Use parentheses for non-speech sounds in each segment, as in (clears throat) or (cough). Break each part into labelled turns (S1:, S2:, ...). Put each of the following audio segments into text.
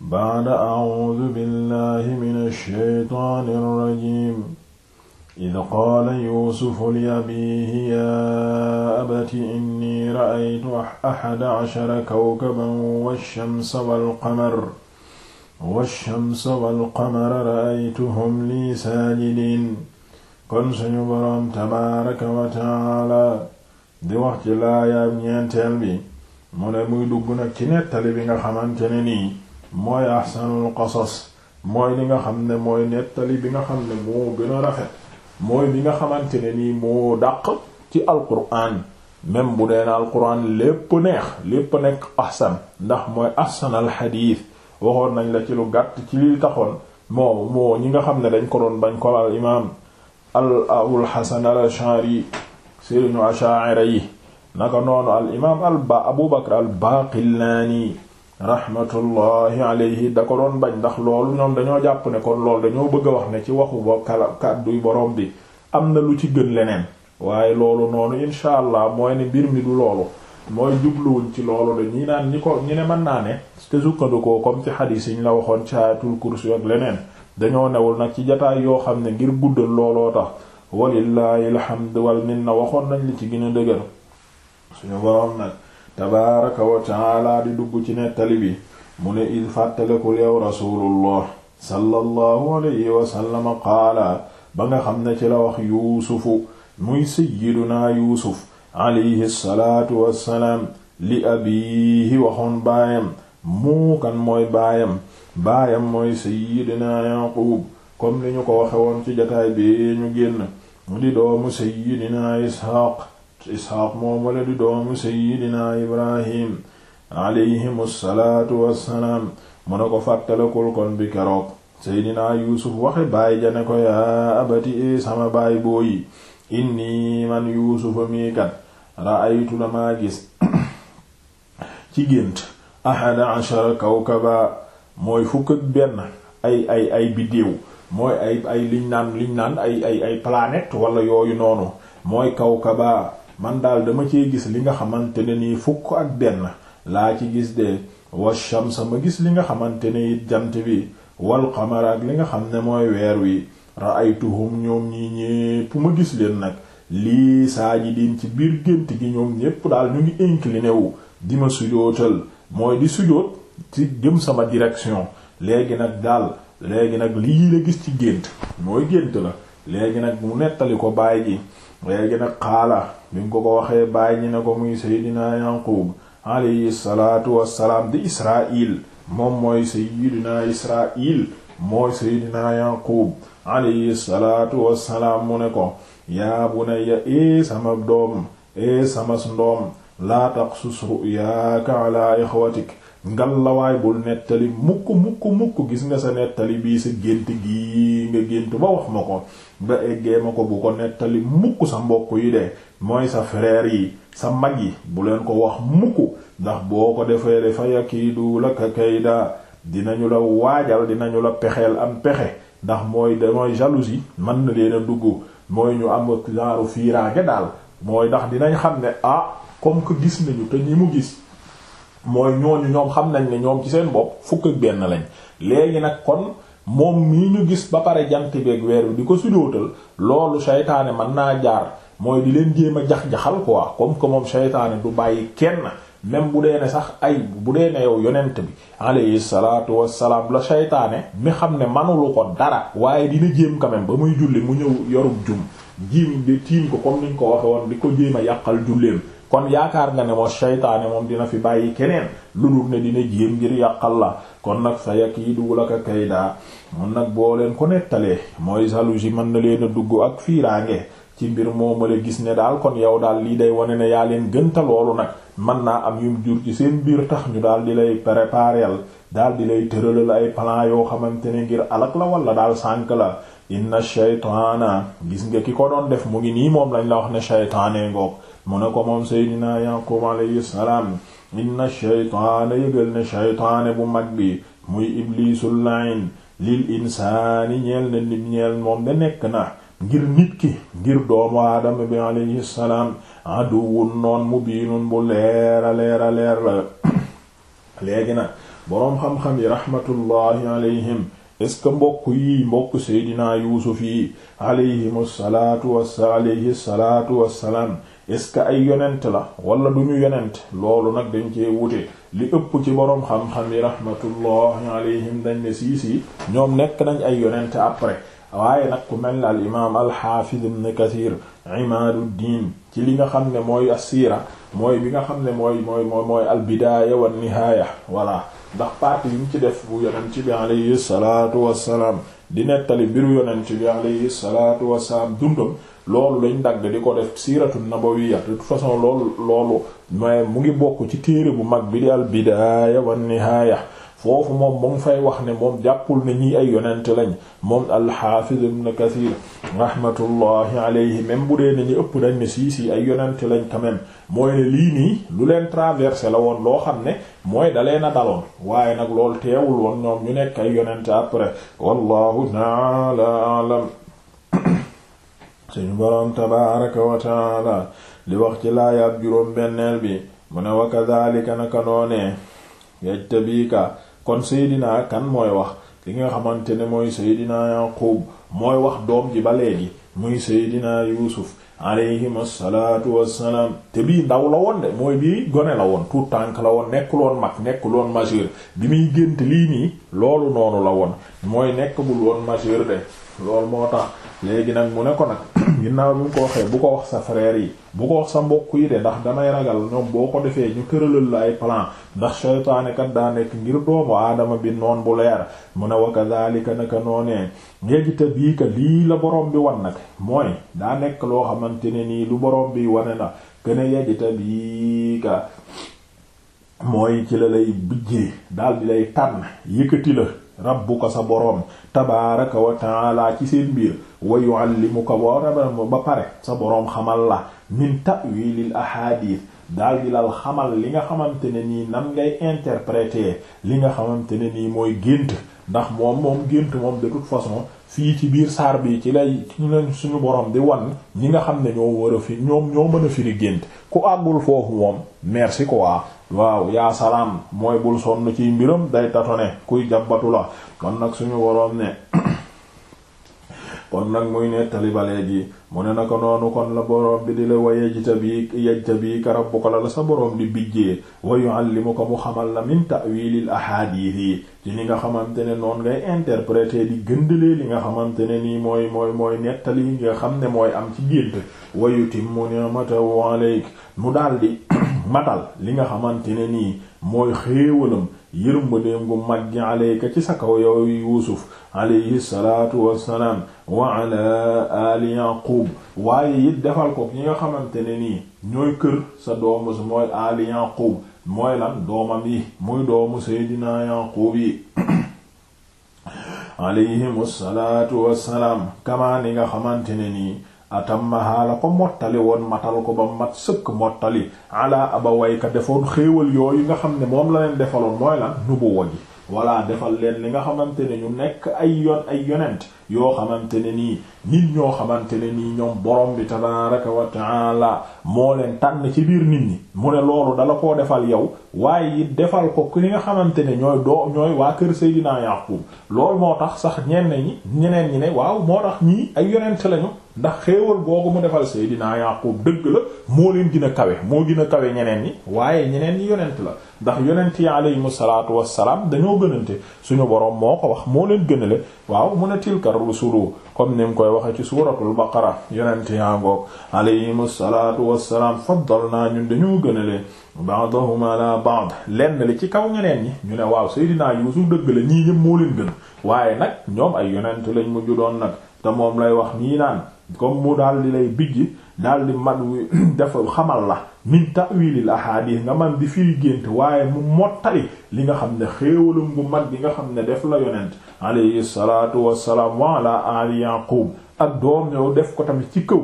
S1: baada audu billahi min alsheytaan alrajim id qaala yuusufu li abiihi yaa abati inni ra'aytu axada cashara kawkaban walshamsa walqamar walshamsa walqamara ra'aytuhum lii saajidiin kon suñu boroom tabaaraka wa taala di wax ci laayaab ñeenteel bi mu ne muy dugg nag ci nettali bi nga xamante ne nii mooy ahsanul qasas mooy li nga xam ne mooy nettali bi nga xam ne moo gën a rafet mooy li nga xamante ne nii moo dàq ci alquran même bu deen alquran lépp neex lépp nekk ahsan ndax mooy ahsanal xadiis waxoon nañ la ci lu gàtt ci li taxoon moo moo ñi nga xam ne dañ ko doon bañ ko al imaam al abul hasan al ashari sëriñu ashaira yi naka noonu al imaam al ba abu rahmatullahi alayhi da ko doon bañ ndax loolu ñoom dañoo jàpp ne kon loolu dañoo bëgg a wax ne ci waxu ba kala kàdduy boroom bi am na lu ci gën leneen waaye loolu noonu incha allah mooy ne mbir mi du loolu mooy jubluwuñ ci loolu la ñi naan ñi ko ñi ne mën naa ne te sukkandikoo comme ci xadiis yi ñu la waxoon ci ayatul kursi ak leneen dañoo newul nag ci jataay yoo xam ne ngir guddal looloo tax walillahi alhamdu wal minna waxoon nañ li ci gën a dëgër tabaaraka wa di dugg ci nettali bi mu ne id fàttalekul yow rasulullah sallallahu alayhi wasallama qaala ba nga xam ne ci la wax yuusufu muy sayyidunaa yuusuf alayhi salaatu wassalaam li abiihi waxoon baayam muu mooy baayam baayam mooy sayyidunaa yaqub comme li ñu ko waxe woon ci jataay bi ñu génn mu di doomu sayyidinaa isxaaq isxaaq moomale di doomu seyyidina ibrahim alayhimu salaatu wassalaam mu ne ko fàttalakul kon bi keroog seydinaa yuusuf waxe baay ja ne ko yaa abati ee sama baay booyi inni man yuusufa mii kat ra'aytu dama gis (clears throat) ci gént ahada ashara kawkaba mooy fukk ak benn ay ay ay mooy ay liñ naan liñ naan ay ay wala yooyu noonu mooy kawkaba man daal dama cee gis li nga xamante ne nii fukk ak benn laa ci gis de wa shamsa ma gis li nga xamante ne jant bi wal qamara ak li nga xam ne mooy weer wi ra'aytuhum ñoom ñi ñépp ma gis leen nag lii saajidiin ci biir gént gi ñoom ñépp daal ñu ngi incliné wu di ma sujootal mooy di sujoot ci jëm sama direction léegi nag daal léegi nag lii la gis ci gént mooy gént la léegi nag mu nettali ko baay gi léegi nag xaala mu ko ko waxee bàyyi ñi ne ko muy seydina Yaqub alayhi salaatu wassalaam di Israil moom mooy seydina Israil mooy seydina Yaqub alayhi salaatu wassalaam mu ne ko yaa bunayya ee eh sama doom ee eh sama ndoom laa taqsus ru'yaaka ala ixwatik ngal lawaay bul nettali mukk mukk mukk gis nga sa nettali bii sa gént gii nga gént ba wax ma ko ba eggee ma ko bu ko nettali mukk sa mbokk yi de mooy sa frère yi sa mag yi bu leen ko wax mukk ndax boo ko defee dafa yakiidu laka kayda dinañu la waajal ñu la pexeel am pexe ndax mooy da mooy jalousie mën na leen a dugg mooy ñu am genre fiiraange daal mooy ndax dinañ xam ne ah comme que gis nañu te ñi mu gis mooy ñooñu ñoom xam nañ ne ñoom ci seen bopp fukk ak benn lañ léegi nag kon moom mii ñu gis ba pare jant beeg weer bi di ko sujootal loolu seytaane mën naa jaar mooy di leen jéem a jax-jaxal ko comme que moom seytaane du bàyyi kenn même bu dee ne sax ay bu dee ne yow yonent bi alayhi salaatu wassalaam la seytaane mi xam ne manulu ko dara waaye dina jéem quand même ba muy julli mu ñëw yorub jum jiim de tiim ko comme ñu ko waxe woon di ko jéem a yàqal julleem kon yaakaar nga ne moo seytaane moom dina fi bàyyi keneen lu dul ne dina jéem ngir yàqal la kon nag sa yàq yi dugg la ka mun nag boo leen ko nettalee mooy jalousie mën na leen a dugg ak fiiraange ci mbir moomu la gis ne daal kon yow daal lii day wane ne yaa leen gënta loolu nag mën naa am yu jur ci seen biir tax ñu daal di lay prépareel daal di lay tëralal ay plan yoo xamante ne ngir alak la wala daal sànk la inna shaytaana gis nga ki ko doon def mu ngi nii moom lañ la wax ne shaytaane ngoog mu ne ko moom seydinaa yaqub alayhi inna shaytaana yëgal ne shaytaane bu mag bi muy iblisul lain lil insaani ñeel na nit ñeel moom de nekk na ngir nit ki ngir doomu aadama bi alayhi aduwun noon mu biinun bu leera leera leer la (coughs) léegi nag boroom xam-xam yi rahmatullahi alayhim est-ce que mbokk yi mbokk seydinaa yuusuf yi alayhimu salaatu wasa alayhi salaatu wassalaam est-ce que ay yonent la wala duñu yonent loolu nag dañ cee wute li ëpp ci boroom xam-xam yi rahmatullahi alayhim dañ ne siisi ñoom nekk nañ ay yonent après waaye nag ku mel ne al imaam al xaafiz ibn kathir imaaduddiin ci li nga xam ne mooy as-siira mooy bi nga xam ne mooy mooy mooy mooy al bidaaya wan nihaaya voilà ndax parti yi mu ci def bu yonent bi alayhi salaatu wassalaam di nettali mbiru yonent bi alayhi salaatu wassalaam dundam loolu lañ dagg di ko def siiratu nabawiyya de toute façon loolu loolu mais mu ngi bokk ci téere bu mag bi di al bidaaya wan foofu moom mu ngi fay wax ne moom jàppul ne ñii ay yonent lañ moom al-Hafiz ibn Kathir rahmatullahi alayhi même bu dee ne ëpp dañ ne sii ay yonent lañ quand même mooy ne lii nii lu leen traversé la woon loo xam ne mooy dalee na daloon waaye nag loolu teewul woon ñoom ñu nekk ay yonent après wallahu ta'ala a'lam (coughs) suñu boroom tabaraka wa taala li wax ci laayaat juróom benneel bi mu ne wa kadhalika naka noonee yajtabiika kon Seydina kan mooy wax li nga xamante ne mooy Seydina Yaqub mooy wax doom ji ba léegi muy Seydina Yuusuf alayhim asalaatu wassalaam te bii ndaw la woon de mooy bii gone la woon tout tànk la woon nekkul woon mag nekkul woon bi muy gént lii nii loolu noonu la woon mooy nekk bul woon majeur de lool moo tax léegi nag mu ne ko nag ginnaaw bi mu ko waxee bu ko wax sa frère yi bu ko wax sa mbokk yi de ndax damay ragal ñoom boo ko defee ñu tëralal la ay plan ndax shaytaane kat daa nekk ngir doomu aadama bi noon bu leer mu ne wa kadhalika naka noonee léegi te bii ka lii la borom bi wan nag mooy daa nekk loo xamante ne nii lu borom bi wane na gën a yegg te ka mooy ci la lay bijjee daal di lay tànn yëkkati la ko sa boroom tabaaraka wa laa ci seen biir. wa yuallimuka boo raba ba pare sa boroom xamal la min ta'wilil ahadith daal di lal xamal li nga xamante ne nii nan ngay interpréter li nga xamante ne nii mooy gént ndax moom moom gént moom de toute façon fii ci biir saar bi ci lay suñu borom di wan ñi nga xam ne ñoo war a fi ñoom ñoo mën a firi gént ku àggul foofu moom merci quoi waaw yaa salaam mooy bul sonn ciy mbiram day tatone kuy jabbatu la kon nag suñu borom ne kon nag muy nettali ba léegi mu ne na ko noonu kon la boroom bi di la wa yajtabi yajtabika rabbuka la sa boroom di bijjee wa ko mu xamal la min ta'wilil ahadith yi ci ni nga xamante ne noon ngay interpréter di gëndalee li nga xamante ne nii mooy mooy mooy nettali nga xam ne mooy am ci gént wa yutimmu ni'matahu alayk mu daldi (clears throat) matal li nga xamante ne nii mooy xéewalam yërmandeem gu mag gi aleyka ci sa kaw yow alayhi salaatu wassalaam wa ali yaqub waaye it defal ko ñi nga xamante ne ni ñooy kër sa doomu mooy ali yaqub mooy lan doomam yi muy doomu seydina yaqub yi (coughs) alayhim salaatu wassalaam kamaa ni nga xamante ne nii atammaha la ko mottali woon matal ko ba mat sëkk mottali ala abawayka defoon xéewal yooyu nga xam ne moom la leen defaloon mooy lan nubuwa gi walla defal leen li nga xamante ne ñu nekk ay yoon ay yonent yoo xamante ne nii nit ñoo xamante ne nii ñoom borom bi tan tabaraka wa laa moo leen tànn ci biir nit ñi mu ne loolu dala koo defal yow waaye it defal ko ki nga xamante ne ñooy doo ñooy waa kër Seydina Yaqub lool moo tax sax ñenn ñi ñeneen ñi ne waaw moo tax ñii ay yonent lañu ndax xéewal googu mu defal Seydina Yaqub dëgg la moo leen gën a kawe moo gën a kawe ñeneen ñi waaye ñeneen ñi yonent la ndax yonent yi aleyhimu salaatu wassalaam dañoo gënante suñu borom moo ko wax moo leen gënale rusulu comme ni mu koy waxee ci suuratul baqara yonente yaa ngoog alayhim salaatu wassalaam faddalnaa ñun dañoo gënale ba'dahum ala ba'd lenn li ci kaw ñeneen ñi ñu ne waaw Seydina Yuusuf dëgg la ñii ñëpp moo leen gën waaye nag ñoom ay yonent lañ mujju doon nag te moom lay wax nii naan comme mu daal di lay bijji daal di mag wi (clears throat) dafa xamal la min ta'wilil ahadith nga man di firi gént waaye mu mottali li nga xam ne xéewalum bu mag bi nga xam ne def la yonent alayhi salatu wassalaam wa ala ali yaqub ak doom yow def ko tamit ci kaw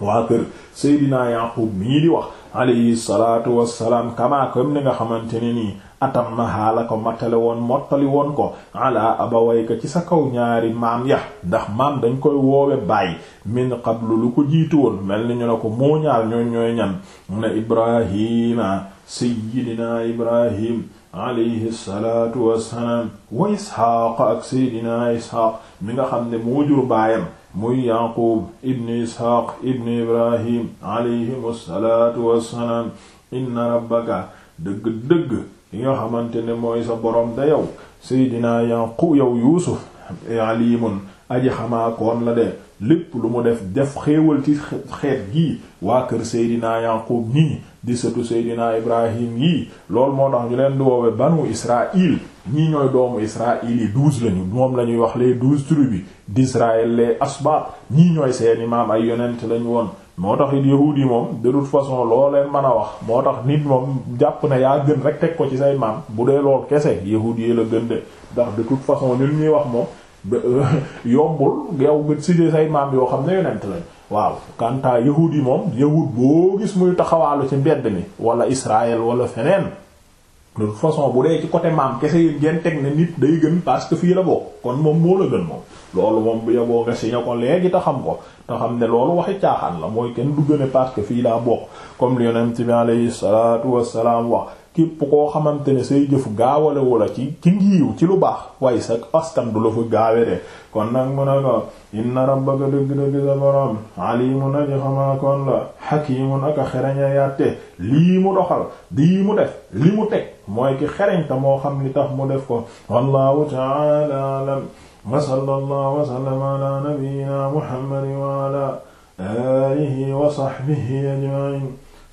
S1: waa kër seydinaa yaqub mii di wax alayhi salatu wassalaam kama comme ni nga xamante ne nii atam na xaala ko matale woon mottali woon ko ala abawayka ci sa kaw ñaari maam ya ndax maam dañ koy woowe baay min qablu lu ko jiitu woon mel ni ñu ne ko moo ñaar ñooy ñooy ñan mu ne ibrahima sayyidina ibrahim alayhi salatu wassalaam wa isxaaq ak mi nga xam ne moo jur baayam muy yaqub ibn isxaaq ibn ibrahim alayhim rabbaka dëgg-dëgg li nga xamante ne mooy sa borom da yow seydinaa yanqu yow yuusuf alimun aji xamaa koon la de lépp lu mu def def xéewal ci xeet gii waa kër seydinaa yanqub nii di sëtu seydinaa ibrahim yii loolu moo tax ñu leen di woowe banu israil ñii ñooy doomu israil yi douze lañu moom la ñuy wax les douze tribus d'Israël les asbab ñii ñooy seeni maam ay yonent lañu woon moo tax it yahuud yi moom de toute façon loo leen mën a wax moo tax nit moom jàpp na yaa gën rek teg ko ci say maam bu dee lool kese yahuud yi la gën de ndax de toute façon ñun ñuy wax moom euh, yombul yow nga sije say maam yoo xam ne yonent lañ waaw kantaa yahuud yi moom yahuud boo gis muy taxawaalu ci mbedd mi wala Israël wala feneen de toute façon bu dee ci côté maam kese yi ngeen teg ne nit day gën parce fii la bokk kon moom moo la gën moom loolu moom bu yoboo nga si ña ko léegi te xam ko te xam ne loolu waxi caaxaan la mooy kenn du gën parce que fii laa bokk comme li yonent bi alayhi salaatu wassalaam wax képp koo xamante ne say jëf gaawale wala ci ci ci lu baax waaye sa askan du la fa gaawere kon nag mu ne ko inna rabbaka dëgg-dëgg sa borom alimun aji xamaakoon la hakimun aka xereña yatte lii mu doxal dii mu def li mu teg mooy ki xereñta moo xam li tax mu def ko wallahu ta'ala alam wa sallallahu wa sallama ala nabiyyina muhammadin wa ala alihi wa sahbihi ajma'in